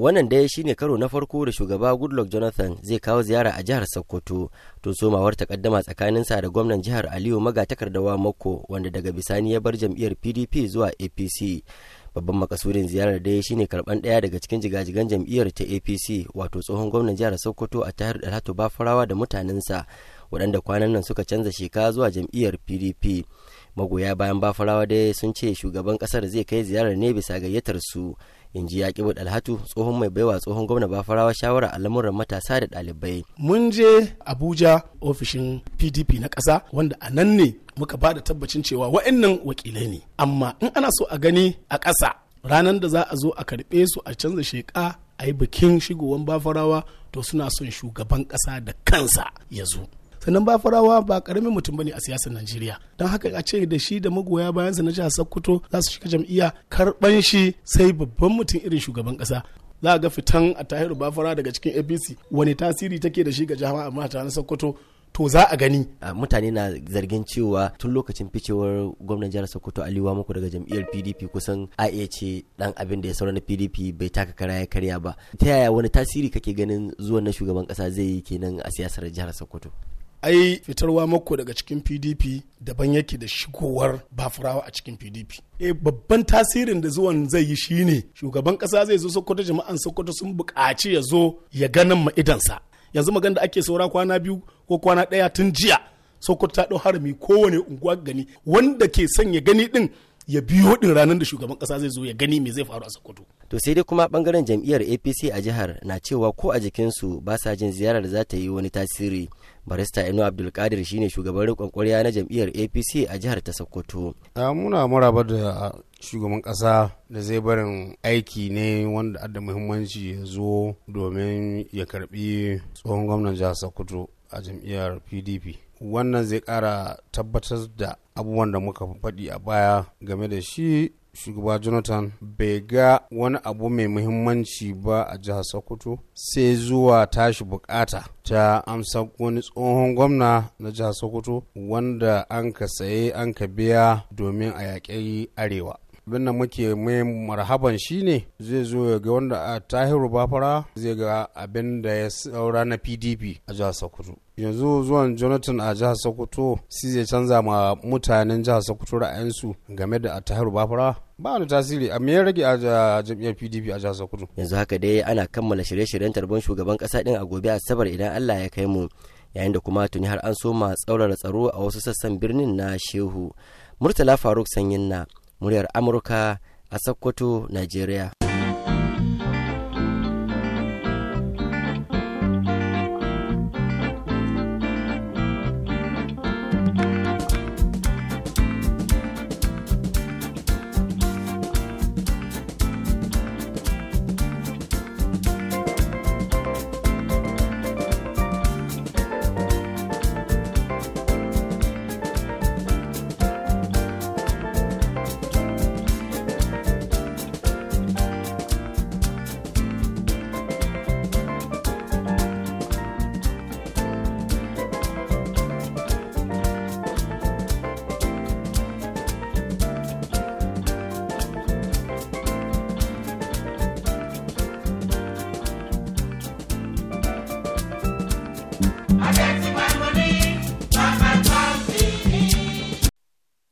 wannan dai shine karo na farko da shugaba goodluck jonathan zai kawo ziyara a jihar sokoto to somawar tsakanin sa da gwamnan jihar aliyu takardawa mako wanda daga bisani ya bar jam'iyyar pdp zuwa apc babban makasurin ziyarar ya shine karban daya daga cikin jigajigan jam'iyyar ta apc wato tsohon gwamnan jihar sokoto a tahir dalhatu bafarawa da mutanensa waɗanda kwanan nan suka canza sheka zuwa jam'iyyar pdp magoya bayan bafarawa dai sun ce shugaban ƙasar zai kai ziyarar ne bisa gayyatar su in ji yaƙibu dalhatu tsohon mai baiwa tsohon gwamna bafarawa shawara a lamuran matasa da ɗalibai. mun je abuja ofishin pdp na ƙasa wanda a nan ne muka ba da tabbacin cewa wa'annan wakilai ne amma in ana so a gani a ƙasa ranar da za a zo a karɓe su a canza sheƙa a yi bikin shigowan bafarawa to suna son shugaban ƙasa da kansa ya zo sannan ba farawa ba karamin mutum bane a siyasar najeriya don haka a ce da shi da magoya bayansa na jihar sokoto za su shiga jam'iyya karban shi sai babban mutum irin shugaban kasa za a ga fitan a tahiru bafara daga cikin apc wani tasiri take da shi ga jama'a ta na sokoto to za a gani mutane na zargin cewa tun lokacin ficewar gwamnan jihar sokoto aliwa muku daga jam'iyyar pdp kusan a iya ce dan abin da ya saura na pdp bai taka kara ya karya ba ta yaya wani tasiri kake ganin zuwan na shugaban kasa zai yi kenan a siyasar jihar sokoto ai fitarwa mako daga cikin pdp daban yake da shigowar bafurawa a cikin pdp e eh, babban tasirin da zuwan zai yi shine shugaban kasa zai zo sokoto jama'an sokoto sun buƙaci ya zo ya ganin ma idansa yanzu magan da ake saura kwana biyu ko kwana ɗaya tun jiya sokoto ta ɗau harami kowane unguwa gani wanda ke son ya gani ɗin ya biyo ɗin ranar da shugaban ƙasa zai zo ya gani me zai faru a sokoto to sai dai kuma bangaren jam'iyyar apc a jihar na cewa ko a jikinsu ba sa jin ziyarar za ta yi wani tasiri barista inu abdulkadir shine shugaban rikon kwarya na jam'iyyar apc a jihar ta sokoto muna maraba da shugaban ƙasa da zai barin aiki ne wanda adda muhimmanci ya zo domin ya karbi tsohon gwamnan jihar sokoto a jam'iyyar pdp wannan zai kara tabbatar da abubuwan da muka faɗi a baya game da shi shugaba jonathan bai ga wani abu mai muhimmanci ba a jihar sokoto sai zuwa tashi bukata ta amsa wani tsohon gwamna na jihar sokoto wanda an ka saye an ka biya domin a yaƙi arewa abin da muke mai marhaban shi ne zai zo ya ga wanda a tahiru bafara zai ga abin da ya saura na pdp a jihar sokoto yanzu zuwan jonathan a jihar sokoto shi zai canza ma mutanen jihar sokoto ra'ayinsu game da a tahiru bafara ba wani tasiri a me rage a jam'iyyar pdp a jihar sokoto yanzu haka dai ana kammala shirye-shiryen tarban shugaban kasa din a gobe asabar idan allah ya kai mu yayin da kuma tuni har an soma tsaurara tsaro a wasu sassan birnin na shehu murtala faruk sanyin na muryar amurka a sokoto najeriya